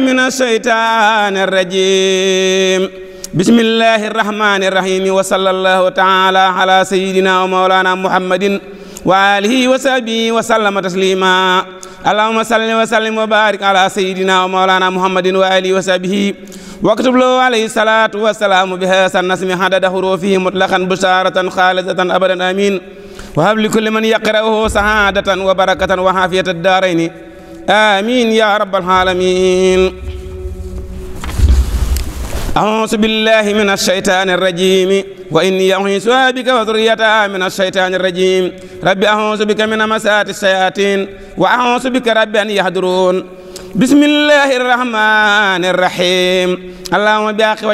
من الشيطان الرجيم بسم الله الرحمن الرحيم وصلى الله تعالى على سيدنا ومولانا محمد وآله وصحبه وسلم تسليما اللهم صل وسلم وبارك على سيدنا ومولانا محمد وآله وصحبه واكتب له عليه الصلاة والسلام بهذا النسم عدد حروفه مطلقا بشارة خالصة أبدا آمين وهب لكل من يقرأه سعادة وبركة وعافية الدارين آمين يا رب العالمين أعوذ بالله من الشيطان الرجيم وإني أعيذها بك وذريتها من الشيطان الرجيم ربي أعوذ بك من مسات الشياطين وأعوذ بك ربي أن يحضرون بسم الله الرحمن الرحيم اللهم بأخي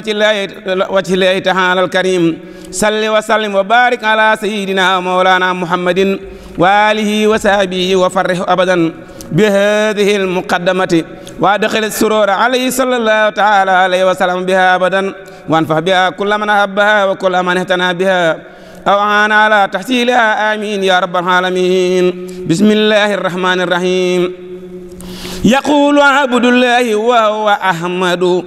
وجه الله تعالى الكريم صل وسلم وبارك على سيدنا مولانا محمد وآله وصحبه وفرح أبدا بهذه المقدمة وادخل السرور عليه صلى الله تعالى عليه وسلم بها أبدا وانفع بها كل من أحبها وكل من اهتنى بها أو عان على تحصيلها آمين يا رب العالمين بسم الله الرحمن الرحيم يقول عبد الله وهو أحمد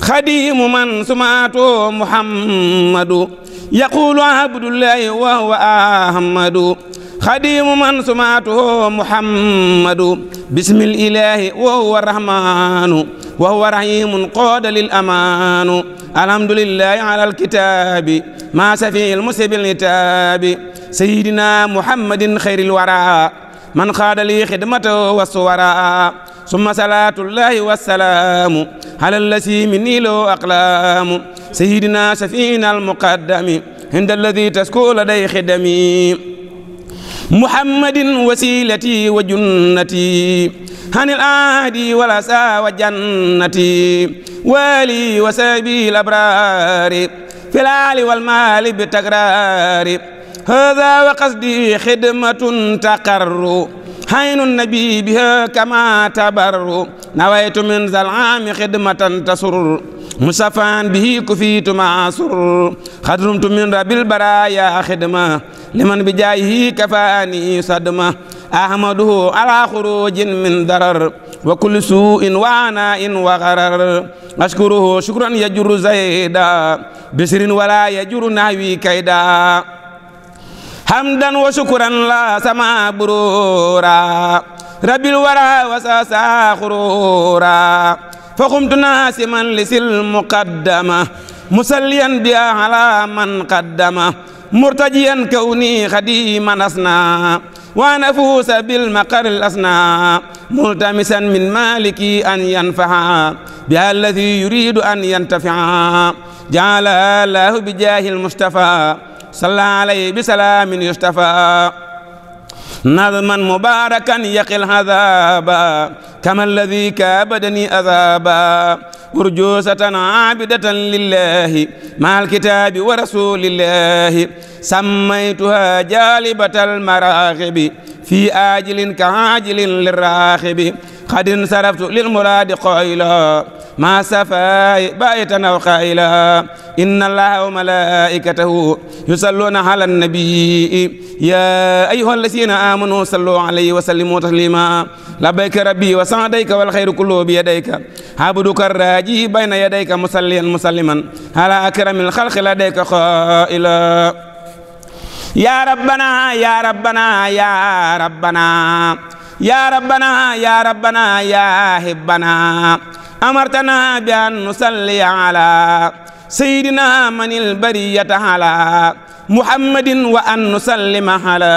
خديم من سمعته محمد يقول عبد الله وهو أحمد خديم من سمعته محمد بسم الإله وهو الرحمن وهو رحيم قاد للأمان الحمد لله على الكتاب ما سفي المسب النتاب سيدنا محمد خير الورى من خاد لي خدمته والصورى summa salaatullahi wassalaamu ala lasi mi niiloo aqlaamu sayidina safiina almuqaddami inda alladi taskuu laday xidami muhammadin wasilati wa junnati عن العادي والأسى وجنتي والي وسبيل الأبرار في العال والمال بتكرار هذا وقصدي خدمة تقر حين النبي بها كما تبر نويت من ذا العام خدمة تسر مصفا به كفيت مع سر خدمت من رب البرايا خدمة لمن بجايه كفاني صدمة أحمده على خروج من ضرر وكل سوء وعناء وغرر أشكره شكرا يجر زيدا بسر ولا يجر نهوي كيدا hamdan wa shukran la sama burura rabbil wara wa sa saxurura فقمت ناسما لسل مقدمة مسليا بها على من قدمه مرتجيا كوني خديما أصنع وأنا أفوز بالمقر الأصنع ملتمسا من مالكي أن ينفع بها الذي يريد أن ينتفع جعل الله بجاه المصطفى صلى عليه بسلام يشتفى نظما مباركا يقي العذاب كما الذي كابدني عذابا أرجوسة عابدة لله مع الكتاب ورسول الله سميتها جالبة المراغب في آجل كعاجل للراخب قد انصرفت للمراد قائلا ما سفاي بايتنا وقائلا إن الله وملائكته يصلون على النبي يا أيها الذين آمنوا صلوا عليه وسلموا تسليما لبيك ربي وسعديك والخير كله بيديك عبدك الراجي بين يديك مسليا مسلما على أكرم الخلق لديك قائلا يا ربنا يا ربنا يا ربنا يا ربنا يا ربنا يا هبنا amartana bi an nusalli ala sayyidina manil bariyata ala muhammadin wa an nusallima ala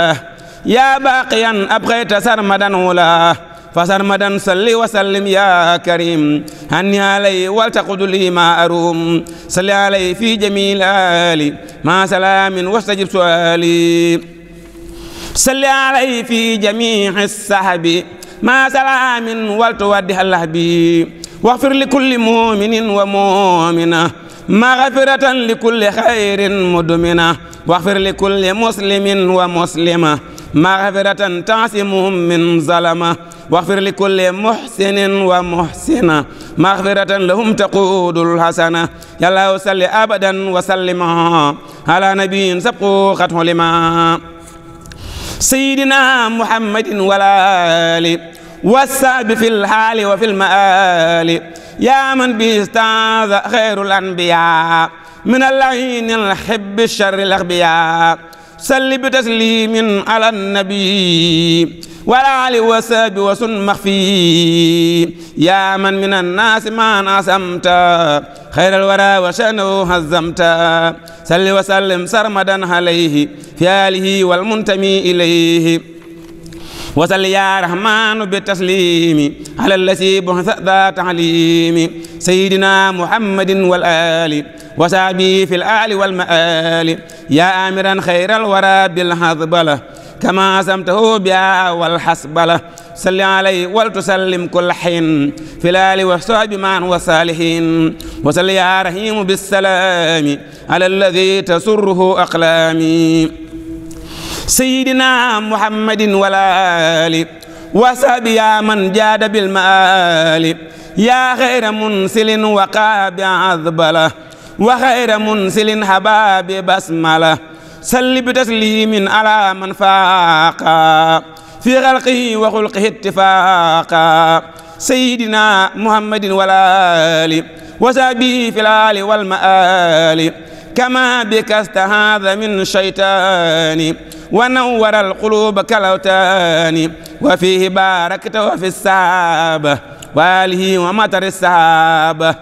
ya baqiyan abqayta sarmadan wala fa sarmadan salli wa sallim ya karim hanni alay waltaqudu li ma arum salli alay fi jamil ali ma salamin wastajib suali salli alay fi jami'i sahabi ma salamin waltuwaddi allah bi واغفر لكل مؤمن ومؤمنة مغفرة لكل خير مدمنة واغفر لكل مسلم ومسلمة مغفرة تعصمهم من ظلمة واغفر لكل محسن ومحسنة مغفرة لهم تقود الحسنة يا الله صل أبدا وسلم على نبي سبقوا ختم لما سيدنا محمد ولا آله والسعد في الحال وفي المآل يا من به استعاذ خير الأنبياء من اللعين الحب الشر الأغبياء صل بتسليم على النبي والآل وساب وسن مخفي يا من من الناس ما انعصمت خير الورى وشأنه هزمت صل وسلم سرمدا عليه في آله والمنتمي إليه wasal yaa rahmaanu bi tasliimi ala lasi buxsa daa taxliimi sayidina muhammadin wal aali wa saabi fi l aali wal maali yaa amiran xayral wara bil xasbala kama samtahu bi wal xasbala salli alay wal tusallim kul xin fi laali wa saabi maan wa saalihin wasal yaa rahimu bisalaami ala alladi tasurruhu aqlaami سيدنا محمد والآل وسب يا من جاد بالمآل يا خير منسل وقاب عذبله وخير منسل حباب بسمله سل بتسليم على من فاقا في خلقه وخلقه اتفاقا سيدنا محمد والآل وسبي في الآل والمآل كما بك استهاذ من شيطان ونور القلوب كالأوتان وفيه باركت وفي السحاب وآله ومطر السحاب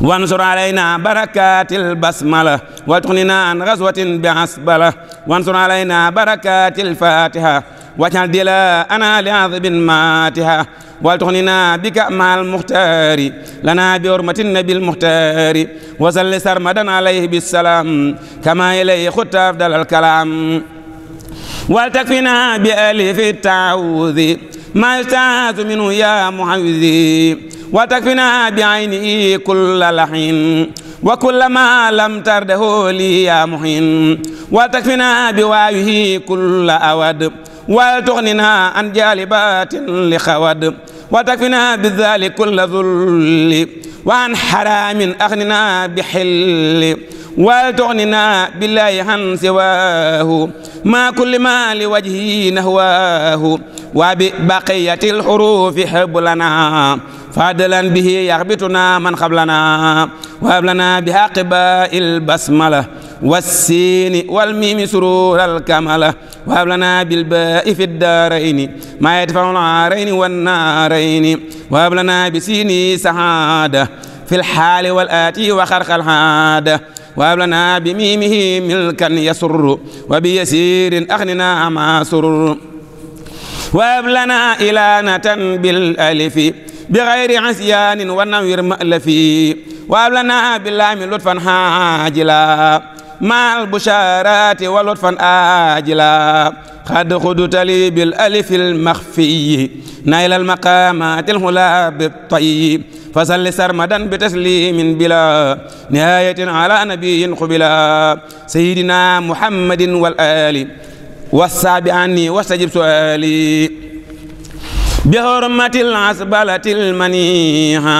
وانصر علينا بركات البسملة وتغننا عن غزوة بعسبلة وانصر علينا بركات الفاتحة واجعل دلاءنا لعذب ماتها والتغننا بك مع المختار لنا بحرمة النبي المختار وصل سرمدا عليه بالسلام كما إليه خدت أفضل الكلام والتكفنا بألف التعوذ ما يستعاذ منه يا معوذي وتكفنا بعينه كل لحين وكل ما لم ترده لي يا محين وتكفنا بوايه كل أود wal tuxnina an jaalibatin li xawad wa takfina bi zali kulla zulli wa an xaraamin axnina bi xilli wal tuxnina billahi han siwaahu ma kulli ma li wajhi nahwaahu wa bi baqiyati lxurufi hablana fadlan bihi yaxbituna man xablana wa hablana bi haqi ba il basmala والسين والميم سرور الكمل وهب لنا بالباء في الدارين ما يدفع العارين والنارين وهب لنا بسيني سعادة في الحال والآتي وخرق العادة وهب لنا بميمه ملكا يسر وبيسير أغننا ما سر وهب لنا إلانة بالألف بغير عصيان ونوير مألفي وهب لنا بالله لطفا حاجلا maal bushaaraati wa lutfan aajila xad xudutali bil alifil maxfiyi naylal maqaamaatil hula bi tayyi fasalli sarmadan bi taslimin bila nihayatin ala nabiyin qubila sayidina muhammadin wal ali wassaabi anni wastajib suali bi hurmatil asbalatil maniha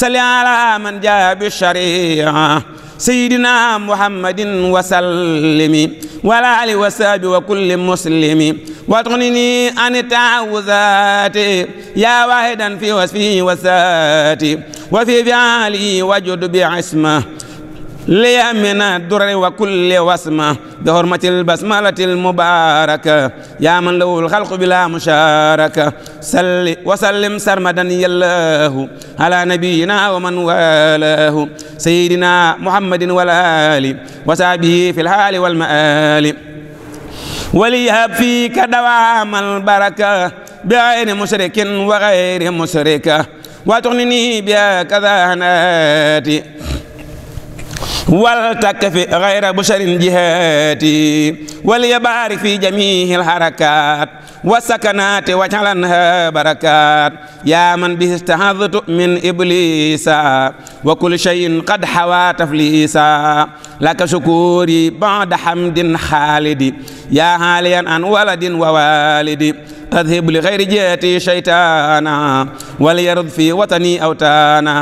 salli ala man jaa bi shariha سيدنا محمد وسلم ولا آل وصحبه وكل مسلم واتغنني عن تعوذات يا واحدا في وصفه وساتي وفي فعله وجد بعصمه لي من الدر وكل وسمة بحرمة البسملة المباركة يا من له الخلق بلا مشاركة salli wasallim sarmadan yallaahu ala nabiyina wa man walaahu sayidina muhammadin wal ali wa sahbihi fi lhaali wal maali waliyhab fiika dawaamal baraka bi ayni mushrikin wa gayri mushrika wa tuxnini bi kadaanaati wal takfi gayra busharin jihaati waliya baarik fi jamihi alharakaat والسكنات واجعلنها بركات يا من به استعذت من إبليس وكل شيء قد حوى تفليسا لك شكوري بعد حمد خالدي يا هاليا عن ولد ووالدي أذهب لغير جهتي شيطانا وليرض في وطني أوتانا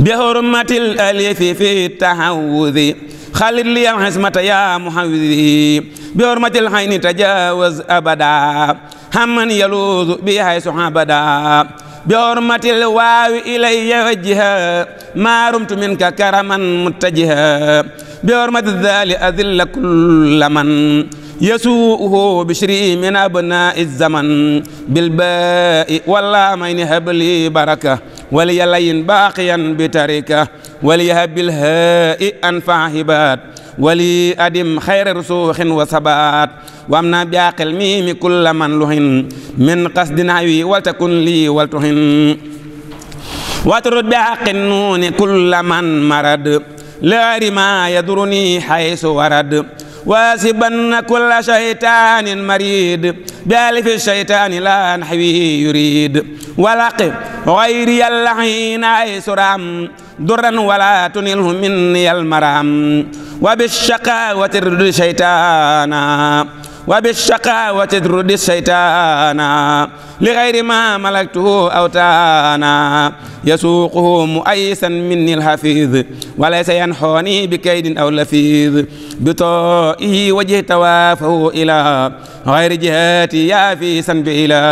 بحرمة الألف في التعوذ خلد لي حزمة يا محوذي bi hormatil hayni tajawaz abada hamman yaluzu bi haysu abada bi hormatil waawi ilayya wajjiha maarumtu minka karaman muttajiha bi hormatil dhali adilla kulla man يسوءه بشري من أبناء الزمن بالباء واللامين هب لي بركة وليلين باقيا بتركة وليهب الهاء أنفع هبات ولي أدم خير رسوخ وثبات وامنا بعقل ميم كل من لهن من قصد نعوي ولتكن لي ولتهن واترد بعق النون كل من مرد لا ما يدرني حيث ورد واسبن كل شيطان مريد بألف الشيطان لا نحوي يريد ولق غيري اللعين أيسرام duran wala tunilhu minni almaram wa bishaqawati rudi shaytana wa bishaqawati rudi shaytana li ghayri ma malaktuhu awtana yasuquhu mu'ayyisan minni alhafiz wa laysa yanhuni bi kaydin aw lafiz bi ta'i wajhi tawafahu ila غير جهاتي يا فيسا بإله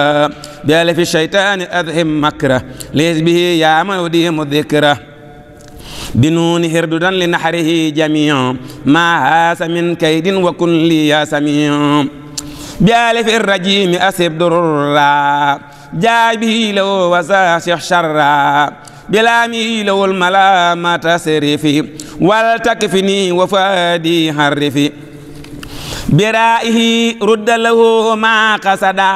بألف الشيطان أذهم مكره ليس به يا من وديهم الذكره بنون هرددا لنحره جميع ما هاس من كيد وكن لي يا سميع بألف الرجيم أسب دررا جاء به لو وساشح شرا بلامي لو الملامة سرفي والتكفني وفادي حرفي برائه رد له ما قصدا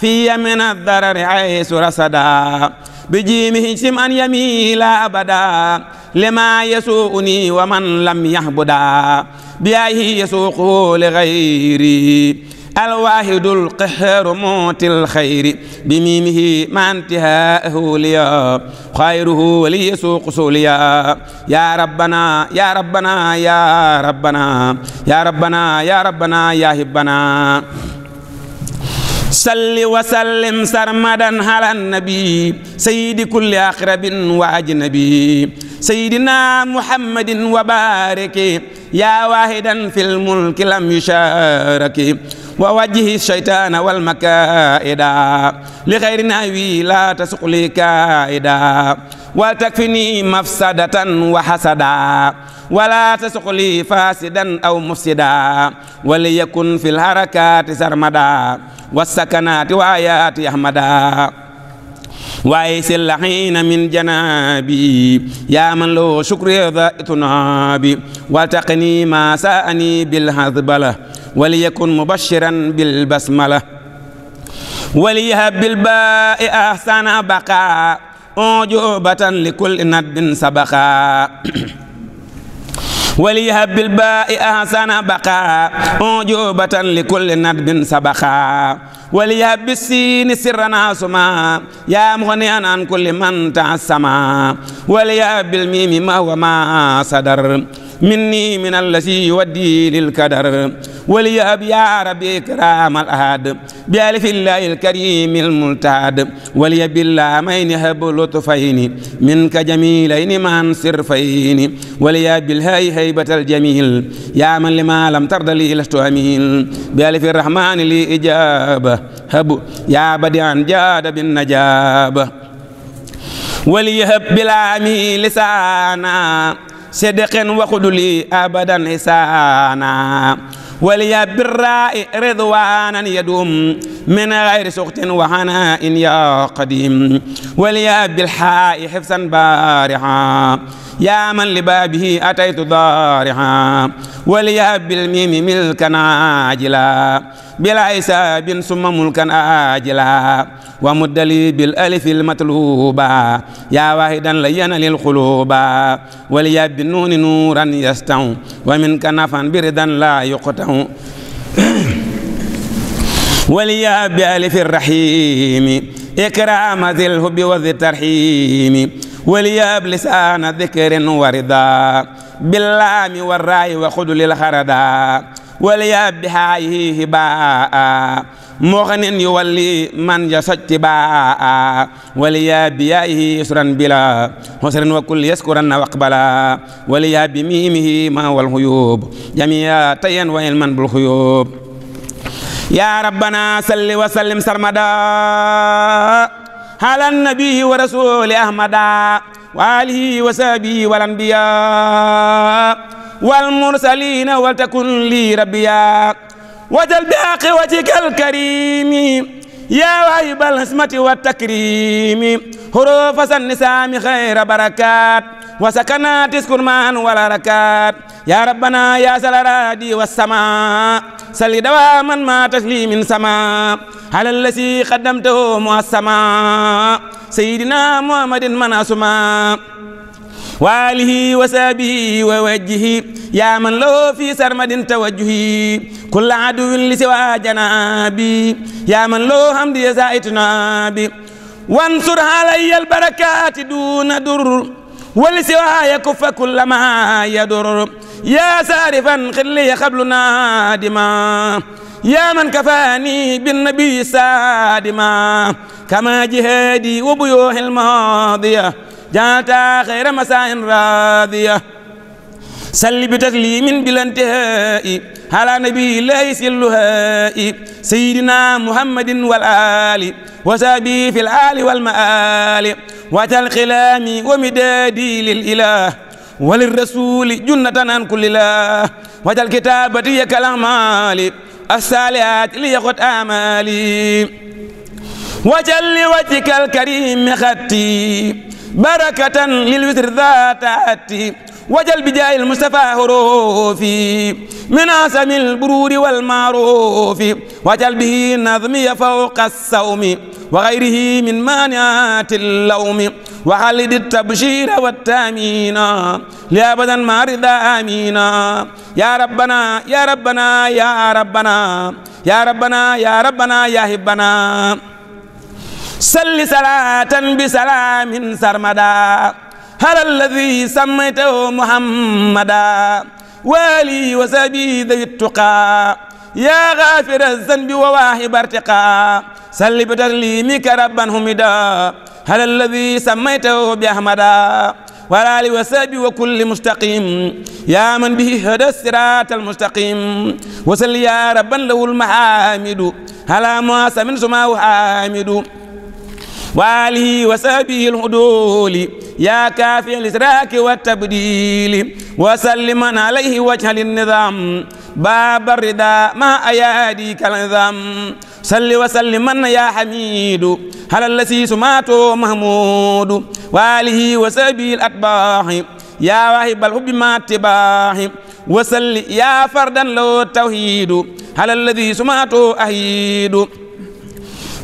في من الضرر عيس رصدا بجيمه شمعا يميلا أبدا لما يسوءني ومن لم يهبدا بيائه يسوقه لغيري الواحد القهر موت الخير بميمه ما انتهاءه ليا خيره وليسوق سوليا يا ربنا يا ربنا يا ربنا يا ربنا يا ربنا يا هبنا salli wa sallim sarmadan ala nabi sayidi kulli aqrabin wa ajnabi sayidina muhammadin wa bariki ya wahidan fil mulki lam yusharaki wa wajjihi shaytaana wal makaida li xayrina wi la tasuqli kaida wal takfini mafsadatan wa hasada wala tasuqli fasidan aw mufsida wali yakun fil harakati sarmada wassakanati wa ayati ahmada waaye sellaxiina min janabi yaa man loo shukri dha itunabi waltaqini ma saani bil hadbala wali yakun mubashiran bil basmala wali yahab bil baai ahsana baqa أعجوبة لكل ند سبقا وليهب بالباء أحسن بقا أعجوبة لكل ندب سبقا وليهب بالسين سرنا سما يا مغنيا عن كل من تعسما وليهب بالميم ما هو ما صدر minni min allasi yuwaddi lil kadar wali ab ya rabbi ikram al ahad bi alifillahi al karim al multad wali billa mayni hab lutfayni minka jamilayni man sirfayni wali bil hay haybat al jamil ya man lima lam tarda li lastu amil bi alifi rahman li ijaba hab ya badian jada bin najaba wali hab bila mi lisana صدق وخذ لي أبدا إسانا ولي بالراء رضوانا يدوم من غير سخط وعناء يا قديم وليا بالحاء حفظا بارعا يا من لبابه أتيت ضارعا وليا بالميم ملكا عاجلا بلا حساب ثم ملكا آجلا ومد لي بالألف المطلوبة يا واحدا لين للقلوب وليا بالنون نورا يستع ومنك نفا بردا لا يقطع وليا بألف الرحيم إكرام ذي الهب وذي الترحيم وليا بلسان ذكر ورضا باللام والراي وخذ للخردا وليا بهايه هباء مغن يولي من يسج تباء وليا بيائه يسرا بلا حسرا وكل يسكرا واقبلا وليا بميمه ما والغيوب جميع تين وإلما بالخيوب يا ربنا صل وسلم سرمدا على النبي ورسول أحمد وآله وصحبه والأنبياء والمرسلين ولتكن لي ربيا وجل بأخوتك الكريم يا واهب الحسمة والتكريم حروف النسام خير بركات وسكنات الكرمان والحركات يا ربنا يا سلرادي والسماء سل دواما ما تسليم سماء على الذي قدمته مؤسما سيدنا محمد من أسماء wa alihi wa sahbihi wa wajjihi yaa man lahu fi sarmadin tawajjuhi kulla aduwin li siwa janabi yaa man lahu hamdi zaituna bi wansur alayya albarakati duna dur wa li siwa yakuffa kulla ma yadur yaa saarifan xilli xablu naadima yaa man kafaani binnabi saadima kama jihaadi wa buyuuhi almaadiya جعلتها خير مساء راضية سل بتسليم بلا انتهاء على نبي الله سلهاء سيدنا محمد والآل وسابي في الآل والمآل وتالقلام ومدادي للإله وللرسول جنة عن كل الله وجعل كتابتي كالأعمال الصالحات ليقت آمالي وجل لوجهك الكريم خطي barakatan lil witri daataati wajal bi jaayil Mustafa horoofi min asamil buruuri wal maaruufi wajal bihi nazmiya fawqa sawmi wa gayrihi min maaniati lawmi wa xalidi tabshira wa taamina li abadan ma rida amina ya rabbana ya rabbana ya rabbana ya rabbana ya rabbana ya hibbana salli salaatan bi salaamin sarmada ala alladi sammaytahu muhammada waali wa sabi dawit tuqa yaa gaafira zanbi wa waahiba artiqa salli bi taslimika rabban humida ala alladi sammaytahu bi ahmada وعلى آله وصحبه وكل مستقيم يا من به هدى الصراط المستقيم وصل يا ربا له المحامد على ما سمن سماه حامد waalihi wa sahbihi lhuduuli yaa kaafi lisraaki wa tabdiili wa salliman alayhi wajha linnidam baaba rida ma ayaadi kalinzam salli wa salliman ya hamidu ala lasi sumato mahmudu waalihi wa sahbihi latbaahi yaa waahibal hubbi ma tibaahi wa salli yaa fardan law tawhidu ala ladi sumato ahidu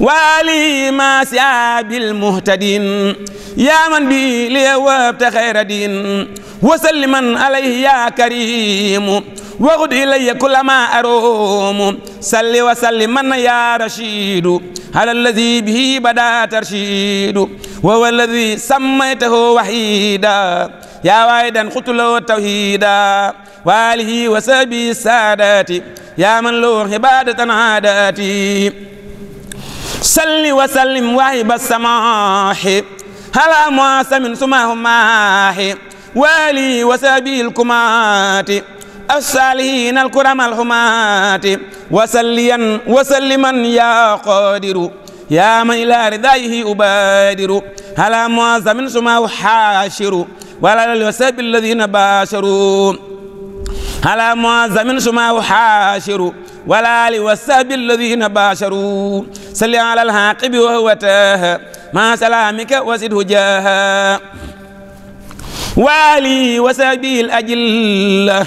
وآله ما سعى بالمهتدين يا من بي لي وابت خير دين وسلما عليه يا كريم وغد إلي كل ما أروم سل وسلما يا رشيد على الذي به بدا ترشيد وهو الذي سميته وحيدا يا وايدا قتله توحيدا وآله وسبي السادات يا من له عبادة عاداتي salli wa sallim waahiba samaahi ala muasamin sumahumaahi waali wa saabi lkumaati الصالحين الكرم الحمات وسليا وسلما يا قادر يا من إلى رضائه أبادر على معظم سماه حاشر وعلى الوسائب الذين باشروا على معظم سما أحاشر والآل والصحب الذين باشروا صل على العاقب وهو تاه مع سلامك وزده جاها والي وصحبه الأجلة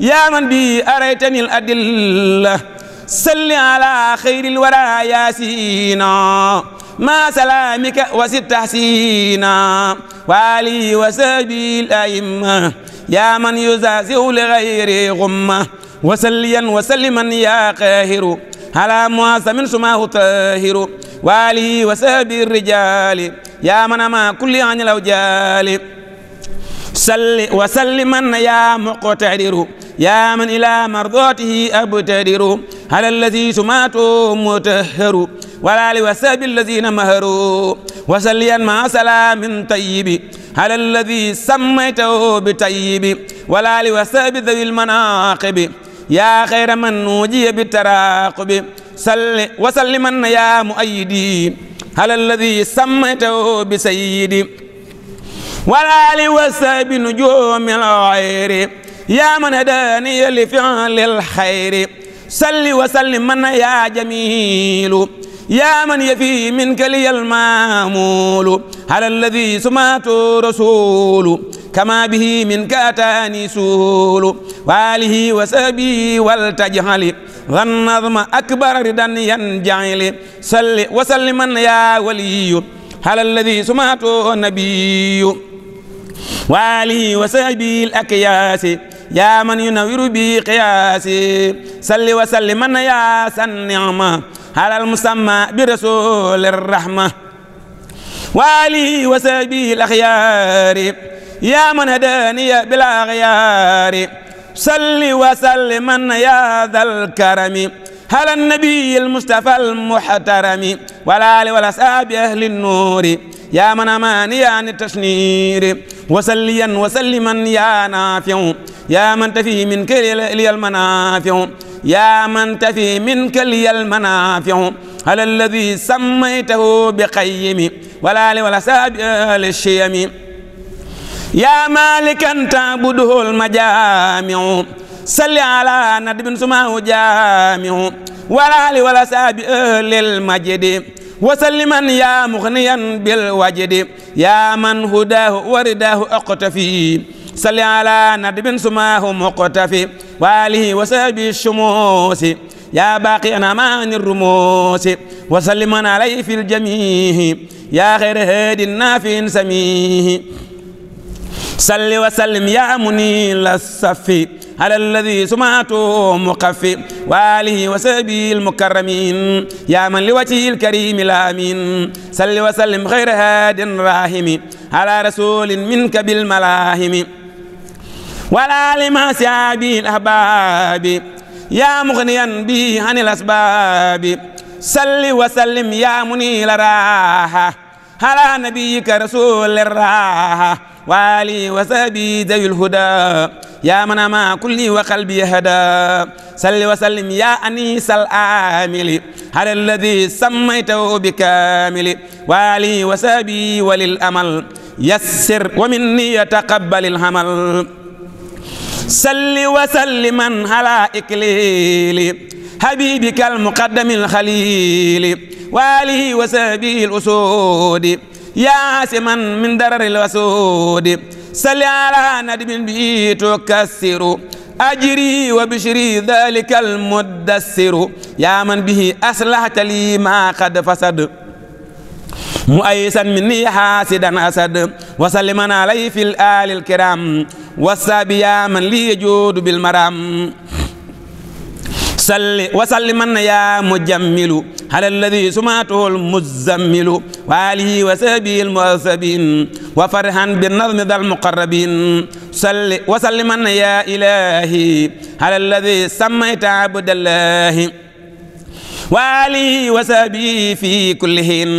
يا من بي أريتني الأدلة صل على خير الورى ياسينا ما سلامك وزد تحسينا والي وصحبه الأئمة yaa man yuzazihu li gayri gumma wasalliyan wasalliman yaa qaahiru ala muasamin sumaahu taahiru wa alihi wa sahbi rijaali yaa man ama kulli anil awjaali salli wasalliman yaa muqtadiru yaa man ila mardootihi abtadiru ala allazi sumaatu mutahharu wa alihi wa sahbi allazina maharu wasalliyan ma salaamin tayyibi على الذي سميته بطيب والآل وصحب ذوي المناقب يا خير من وجي بالتراقب صل وسلما يا مؤيدي على الذي سميته بسيدي والآل وصحب نجوم الغير يا من هداني لفعل الخير صل وسلما يا جميل yaa man yafi min kaliyal maamulu ala alladi sumaatu rasulu kama bihi min kaataani suulu wa alihi wa sahbihi waltajhali wan nazma akbar ridan yan jahili salli wa salliman ya waliyu ala alladi sumaatu nabiyu wa alihi wa sahbihi al akyaasi yaa man yunawiru bi qiyaasi salli wa salliman ya san nicma alal musamma bi rasul rahma waali wa sabi laxyaari yaa man hadaaniya bil axyaari salli wa salliman yaa dal karami ala nabiy al mustafa al muhtarami wala ali wala saabi ahli nuuri yaa man amaaniya ani tasniiri wa salliyan wa salliman yaa naafiu yaa man tafi min kër liyal manaafiu yaa man tafi min kaliyal manaafiu ala alladi sammaytahu bi qayyimi walaali wala saabi ali shiyami yaa malikan taabuduhu almajaamiu salli ala nadbin sumaahu jaamiu walaali wala saabi ali almajidi wasalliman yaa muxniyan bil wajidi yaa man hudaahu waridaahu aqtafi salli ala nadbin sumaahu muqtafi wa alihi wa sahbi shumuusi ya baaqi anamaani rumuusi wa salliman alayhi fi ljamihi ya xayra haadin naafiin samihi salli wa sallim ya muni la safi ala alladi sumaatu muqafi wa alihi wa sahbihi almukarramin ya man li wajhihi alkarimi lamin salli wa sallim xayra haadin rahimi ala rasulin minka bilmalahimi ولا لما سيابي الأحباب يا مغنيا به عن الأسباب سل وسلم يا منيل راحة على نبيك رسول الراحة وآلي وسبي ذوي الهدى يا من ما كلي وقلبي هدى سل وسلم يا أنيس الآمل على الذي سميته بكامل وآلي وسبي وللأمل يسر ومني يتقبل الهمل salli wa salliman ala iklili habibika almuqaddami alxalili wa alihi wa sahbihi alusudi ya asiman min darari alwasudi salli ala nadmin bi tukassiru ajri wa bishri dalika almuddassiru ya man bihi aslahta li ma qad fasad مؤيسا مني حاسدا أسد وسلما علي في الآل الكرام والسابيا من لي يجود بالمرام صل وسلما يا مجمل على الذي سمعته المزمل وآله وسبي المؤثبين وفرحا بالنظم ذا المقربين صل وسلما يا إلهي على الذي سميت عبد الله وآله وصحبه في كلهن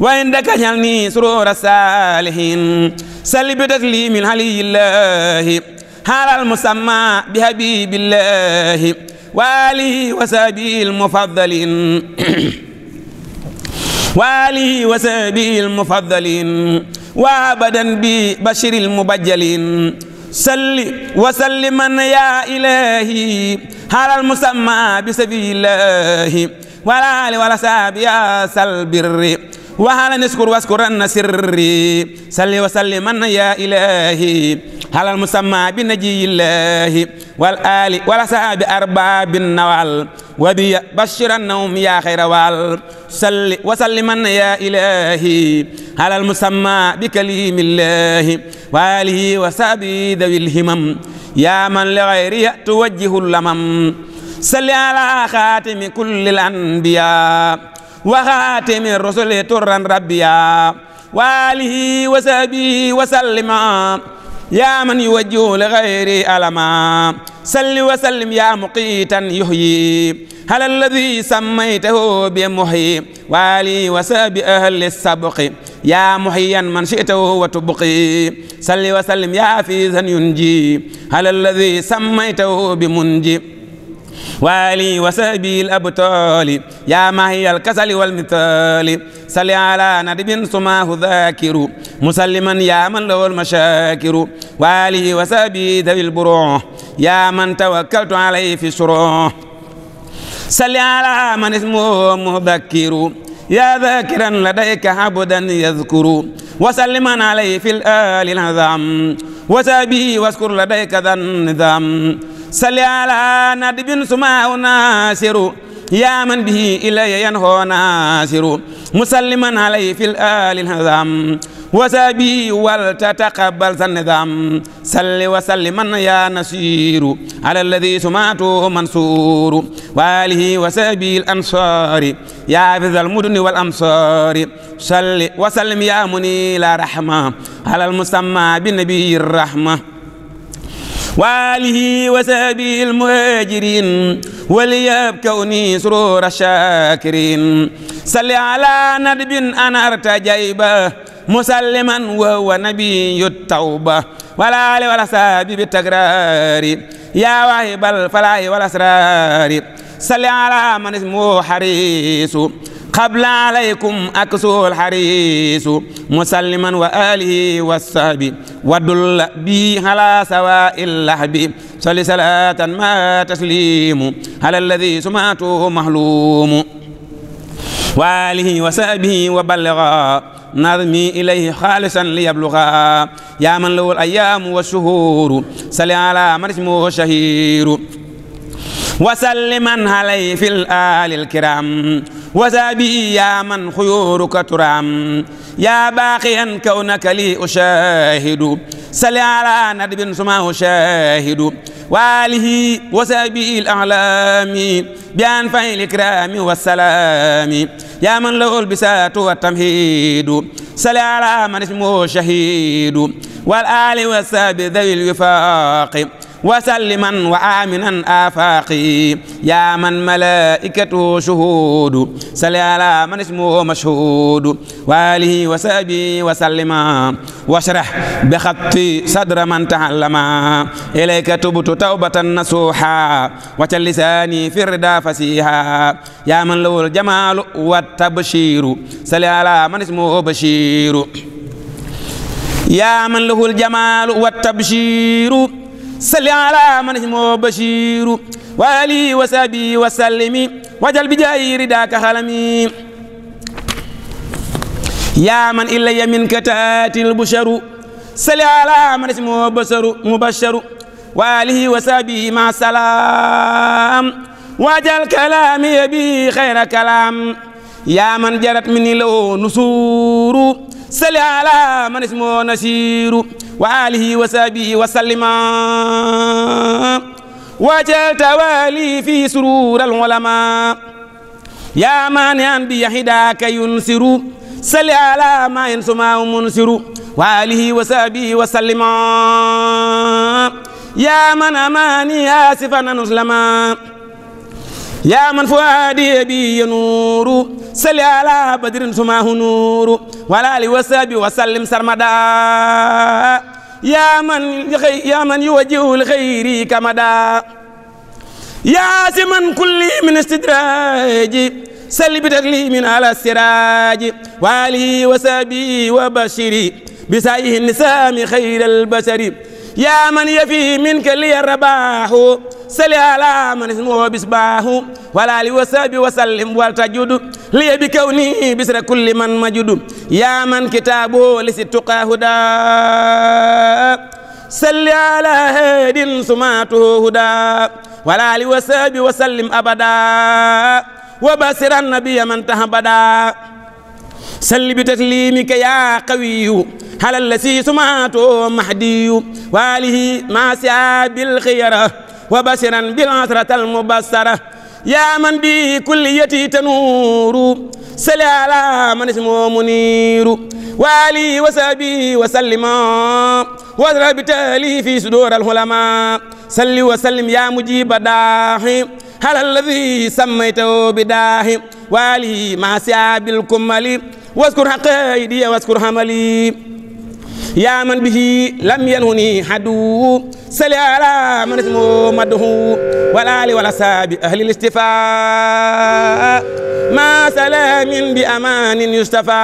وعندك اجعلني سرور الصالحين سل بتكليم علي الله على المسمى بحبيب الله وآله وصحبه المفضلين وآله وصحبه المفضلين وابدا ببشر المبجلين سل وسلما يا إلهي xaalal musamma bi sabilillahi wala ali wala saabi ya sal birri waxaala niskur waskuran na sirri salli wa salli man ya ilahi xaalal musamma bi najiyillahi wal ali wala saabi arbabin nawal wa bi bashiran nawm ya xayra wal salli wa salli man ya ilahi xaalal musamma bi kalimillahi wa alihi wa saabi dawil himam yaa man li xayri ya tuwajjihu lamam salli ala xaatimi kulli anbiya wa xaatimi rusuli turran rabbiya wa alihi wa sahbihi wa sallima yaa man yuwajjihu li xayri alama salli wa sallim yaa muqiitan yuhyi ala alladi sammaytahu bi muhyi wa alihi wa sahbi ahli sabqi يا محيا من شئت وهو تبقي صل وسلم يا حفيظا ينجي على الذي سميته بمنجي وآلي وسبي الأبطال يا ماهي الكسل والمثال صل على ندب سماه ذاكر مسلما يا من له المشاكر وآلي وسبي ذوي البروح يا من توكلت عليه في شروح صل على من اسمه مذكر يا ذاكرا لديك عبدا يذكر وسلما عليه في الآل العظام وسابه واذكر لديك ذا النظام صل على ندب سماه ناصر يا من به إلي ينهو ناصر مسلما عليه في الآل العظام وسابي ولتتقبل سنظام سل وسلما يا نسير على الذي سمعته منصور وآله وسابي الأنصار يا حافظ المدن والأمصار سل وسلم يا منيل رحمة على المسمى بالنبي الرحمة وآله وسابي المهاجرين ولياب كوني سرور الشاكرين سل على ندب أنا ارتجيبه مسلما وهو نبي التوبة والآل والأصحاب بالتكرار يا واهب الفلاح والأسرار صل على من اسمه حريص قبل عليكم أكسو الحريص مسلما وآله والصحب ودل بي على سواء اللحب صل صلاة ما تسليم على الذي سمعته محلوم وآله وصحبه وبلغا نظمي إليه خالصا ليبلغا يا من له الأيام والشهور صل على من اسمه شهير وسلما عليه في الآل الكرام وزابي يا من خيورك ترام يا باقيا كونك لي أشاهد salli ala nabiyyin sumahu shahidu wa alihi wa sahbihi al-a'lami bi anfa'i al-ikrami was-salami ya man lahu al-bisatu wat-tamhidu salli ala man ismuhu shahidu wal ali wa sahbi dhawi al-wifaqi وسلما وآمنا آفاقي يا من ملائكته شهود صل على من اسمه مشهود وآله وصحبه وسلم واشرح بخطي صدر من تعلم إليك تبت توبة نصوحا وجل لساني في الردى فسيحا يا من له الجمال والتبشير صل على من اسمه بشير يا من له الجمال والتبشير salli ala man ismuhu bashiru wa alihi wa sahbihi wa sallimi wajal bi jaayi ridaaka xalami yaa man ilayya minka taatil busharu salli ala man ismuhu basaru mubasharu wa alihi wa sahbihi ma salaam wajal kalaami bi xayra kalaam yaa man jarat mi ni lawoo nusuuru sali ala man ismoo nasiiru wa alihi wa sahbihi wa sallima wajal tawali fi surur al ulama yaa maanian bi yahidaaka yunsiru sali ala ma in sumaaw munsiru wa alihi wa sahbihi wa sallima yaa man amaani asifan anuslama يا من فؤادي بي نور صل على بدر سماه نور ولا وسابي وسلم سرمدا يا من يا من يوجه الخير كمدا يا سمن كل من استدراج سل بتكليم على السراج والي وسابي وبشري بسعيه النسام خير البشر يا من يفي منك لي الرباح sali ala man ismu wa bisbaahu wala ali wa sahbi wa sallim wal tajudu liya bi kawni bisra kulli man majudu ya man kitaabu li si tuqaa huda salli ala hadin sumaatuhu huda wala ali wa sahbi wa sallim abada wa basira nabiya man tahabada salli bi taslimika ya qawiyu ala allasi sumaatuhu mahdiyu wa alihi ma siya bil xiyara wa bashiran bil asratal mubassara yaa man bi kulliyati tanuuru sali ala man ismu muniiru wa ali wa sahbi wa sallima wa rabbi taali fi sudur al ulama salli wa sallim yaa mujiba daahi ala alladi sammaytahu bi daahi wa ali ma siya bil kumali waskur haqaydi waskur hamali yaa man bihi lam yanhuni hadu sali ala man ismu madhu wal ali wal ashabi ahli listifa ma salamin bi amanin yustafa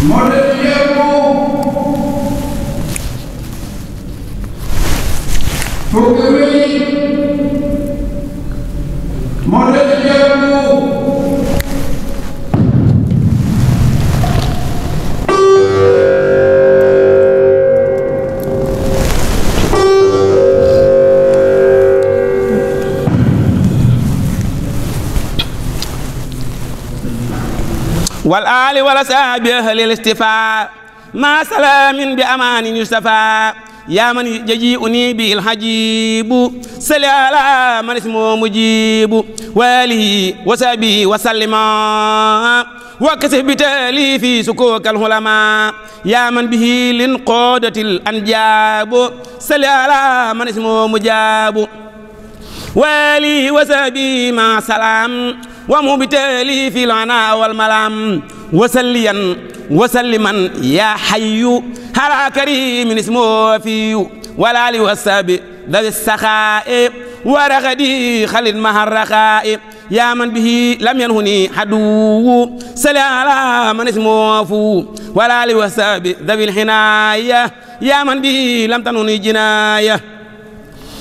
Moo wal aali wal asaabi ahlil istifaa maa salaamin bi amaanin yustafaa yaa man yaji'uni bi ilhajibu sali ala man ismu mujibu wa alihi wa sahbihi wa sallima wa kasih bi taali fi sukuka alhulama yaa man bihi lin qoodatil anjaabu sali ala man ismu mujabu wa alihi wa sahbihi ma salaam ومو بتالي في العناء والملام وسليا وسلما يا حي على كريم اسمه وفي والآل والساب ذوي السخاء ورغدي خلد مع الرخاء يا من به لم ينهني حدو سل على من اسمه وفو والآل والساب ذوي الحناية يا من به لم تنهني جنايه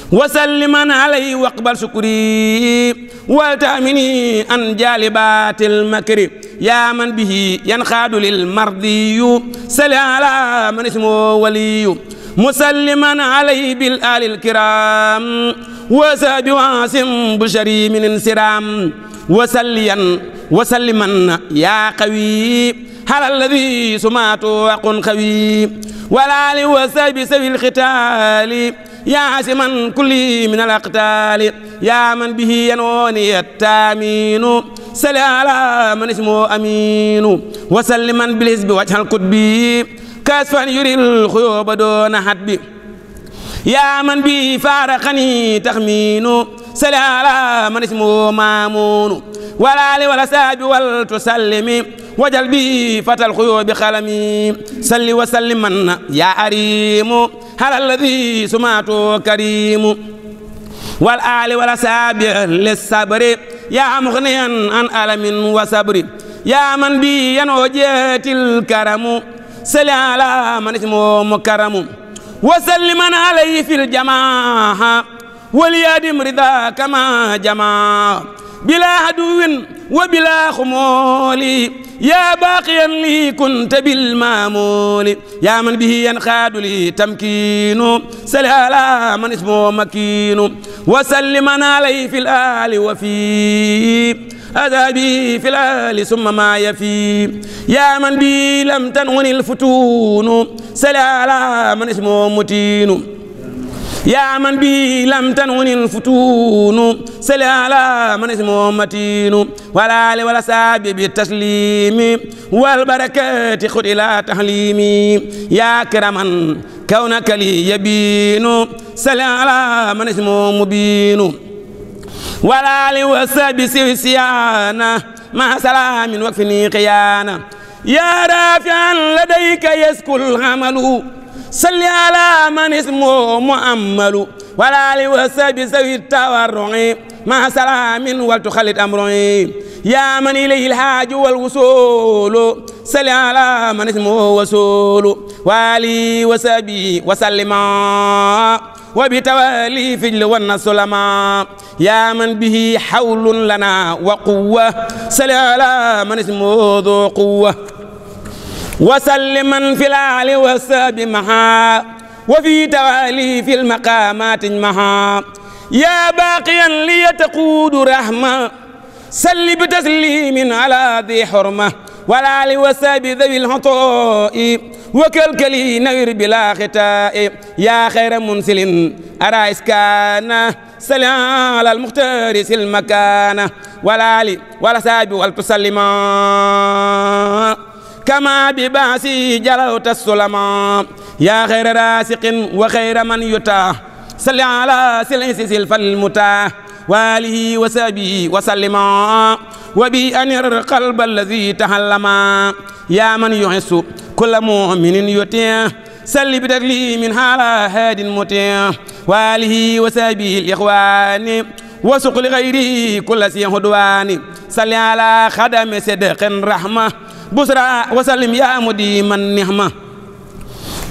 wasalliman alayhi waqbal sukuri waltamini an jaalibatil makri yaa man bihi yanxaadu lil mardiyu sali ala man ismu waliyu musalliman alayhi bil alil kiram wasaabi waasim bushari min insiram wasalliyan wasalliman yaa qawi ala alladi sumaatu waqun qawi walaali wasaabi sawi lxitaali yaa asiman kulli min al aqtaali yaa man bihi yanooni attaamiinu sali ala man ismu amiinu wa salli man bil hisbi wajhal kutbi kasfan yuril xuyooba doona hat bi yaa man bi faaraqani taxmiinu sali ala man ismu maamuunu walaali wala saabi wal tusallimi wajal bi fatal xuyoobi xalami salli wa salli man yaa ariimu على الذي سمعته كريم والآل والأصحاب للصبر يا مغنيا عن ألم وصبر يا من بي وجهت الكرم سل على من اسمه مكرم وسلم عليه في الجماعة وليدم رضا كما جماعه bilaa aduwin wa bilaa xumooli yaa baaqiyan lii kunta bil maamooli yaa man bihi yan xaadu lii tamkiinu sali alaa man ismoo makiinu wa salliman alay fi laali wa fii adaabi fi laali summa maa yafii yaa man bi lam tanuni lfutuunu sali alaa man ismoo mutiinu yaa man bi lam tanunil futuunu sali ala man ismu matiinu walaali wala saabi bi tasliimi wal barakati xut ila taxliimi yaa kiraman kawnaka li yabiinu sali ala man ismu mubiinu walaali wa saabi siwi siyaana ma salaamin wakfini qiyaana yaa raafian ladayka yaskul amalu salli ala man ismu muammalu wala ali wa sabi sawi tawarrui ma salaamin waltu xalit amrui yaa man ilayhi lhaaju wal wusulu salli ala man ismu wasulu wa ali wa sabi wa sallima wa bi tawali fijl wanna sulama yaa man bihi hawlun lana wa quwa salli ala man ismu du quwa وسلما في الآل والساب معا وفي توالي في المقامات معا يا باقيا ليتقود رحمة سل بتسليم على ذي حرمة والآل والساب ذوي العطاء وكالكلي نوير بلا ختاء يا خير منسل أرى إسكانه سلام على المختار سلمكانه والآل والساب والتسلما كما بباسي جلوت السلما يا خير راسق وخير من يتاه صل على سلسس الفالمتاه وآله وسبي وسلما وبي أنر قلب الذي تهلما يا من يحس كل مؤمن يطيع سل بتكليم على هاد مطيع وآله وسبي الإخوان وسق لغيره كل سي هدوان صل على خدم صدق رحمه busra wasalim ya mudi man nihma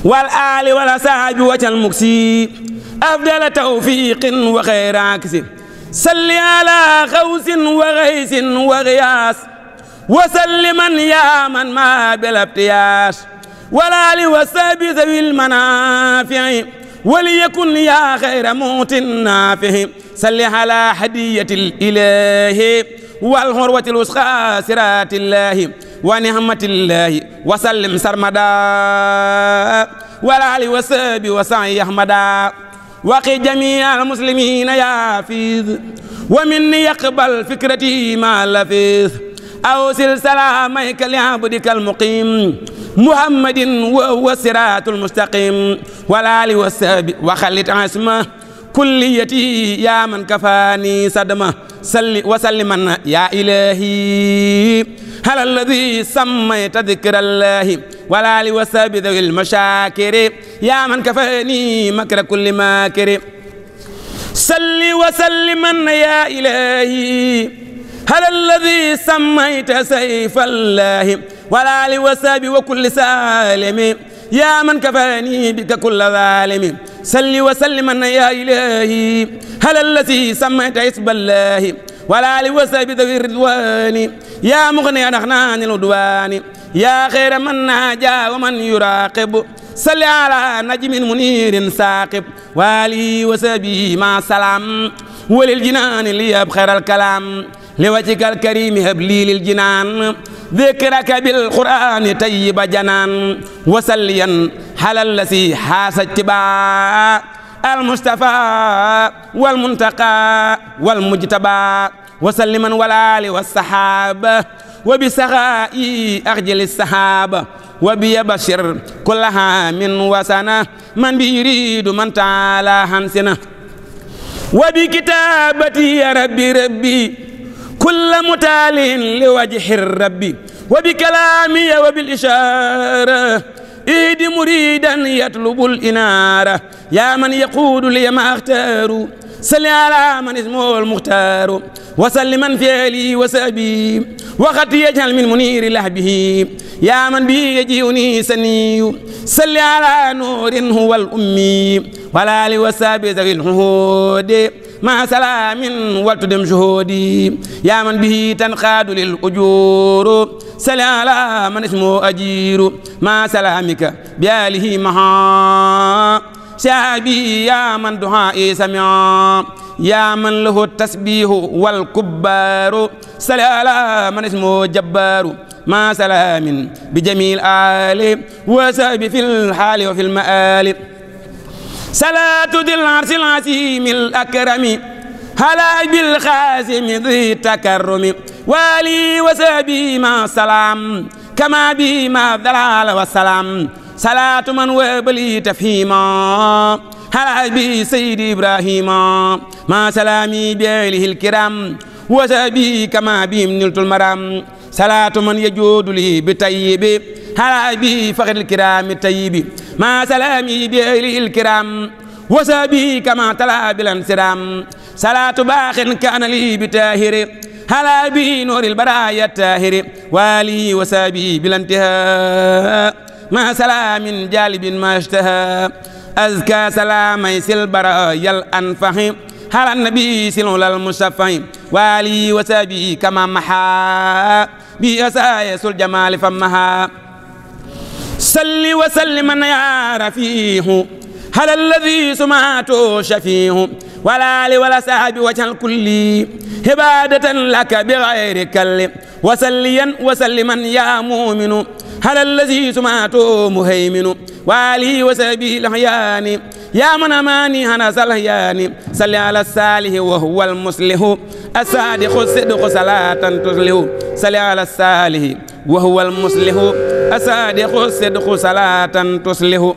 wal ali wala saabi wacal muksi afdala tawfiqin wa xayra aksi salli ala xawsin wa xaysin wa xiyaas wasalliman ya man ma belabtiyaas wala ali wa saabi zawil manaafi'i وليكن يا خير موت نافه صل على هدية الإله والهروة الوسخى سرات الله wa nihmatillaahi wa sallim sarmadaa wa laali wa saabi wa saayi yahmadaa waqi jamii'al muslimiina yaa fiid wa minni yaqbal fikrati ma lafiis awsil salaamayka li abdikal muqiim muhammadin wa huwa siraatul mustaqiim wa laali wa saabi wa xalit asma kulliyati yaa man kafaani sadma salli wa salliman yaa ilaahi ala alladi sammayta dikrallahi walaali wa sabi dawi lmashaakiri yaa man kafaani makra kulli maakiri salli wa salliman yaa ilaahi ala alladi sammayta sayfallahi walaali wa sabi wa kulli saalimi يا من كفاني بك كل ظالم سل وسلم يا إلهي هل الذي سميت حسب الله ولا لوسب ذوي الرضوان يا مغني عن عن العدوان يا خير من ناجى ومن يراقب صل على نجم منير ثاقب والي وسبي مع سلام وللجنان ليبخر الكلام لوجهك الكريم هب لي للجنان ذكرك بالقرآن طيب جنان وسليا على الذي حاس اتباع المصطفى والمنتقى والمجتبى وسلما والآل والصحابة وبسخائي أخجل السحابة وبيبشر كل عام وسنة من بيريد من تعالى حمسنة وبكتابتي يا ربي ربي kulla mutaaliin li wajhi rabbi wa bi kalaami wa bil ishaara iidi muriidan yatlubul inaara yaa man yaquudu li ma axtaaru salli alaa man ismuhul muxtaaru wa salli man fi'li wa saabi waxati yajal min muniiri lahbihi yaa man bi yajiuni saniyu salli alaa nuurin huwal ummi walaali wasaabi zawil xuhoodi ma salaamin waltu dem juhoodi yaa man bihi tanqaadu lil ujuuru sali ala man ismu ajiiru ma salaamika bi alihi maha saabi yaa man duha i samia yaa man lahu tasbiihu wal kubbaaru sali ala man ismu jabbaaru ma salaamin bi jamiil aali wasaabi fil xaali wa fil maali salaatu dil arsil asimil akrami halay bil xaasimi di takarrumi waali wa saabi ma salaam kama bi ma dalal wa salaam salaatu man wa bali tafhima halay bi sayidi ibrahima ma salaami bi alihil kiram wa saabi kama bi niltul maram salaatu man yajuudu li bi tayyibi hala bi faxril kiraami tayyibi ma salaami bi ahlil kiram wasa bi kama tala bilan siram salaatu baaxin kaana li bi taahiri hala bi nooril baraaya taahiri waali wasa bi bilantiha ma salaamin jaalibin ma ashtaha azka salaamay sil baraayal anfahi hala nabi silulal mustafahi waali wasa bi kama maha bi asaaya sul jamaali fammaha salli wa salliman ya rafiihu ala alladi sumaatu shafiihu walaali wala saabi wajal kulli ibaadatan laka bi gayri kalli wa salliyan wa salliman ya muuminu ala alladi sumaatu muhayminu waali wa saabi lahyaani yaa man amaani ana salhyaani salli ala saalihi wa huwa almuslihu asaadiqu sidqu salaatan tuslihu salli ala saalihi wa huwa al muslihu asaadiqu sidqu salaatan tuslihu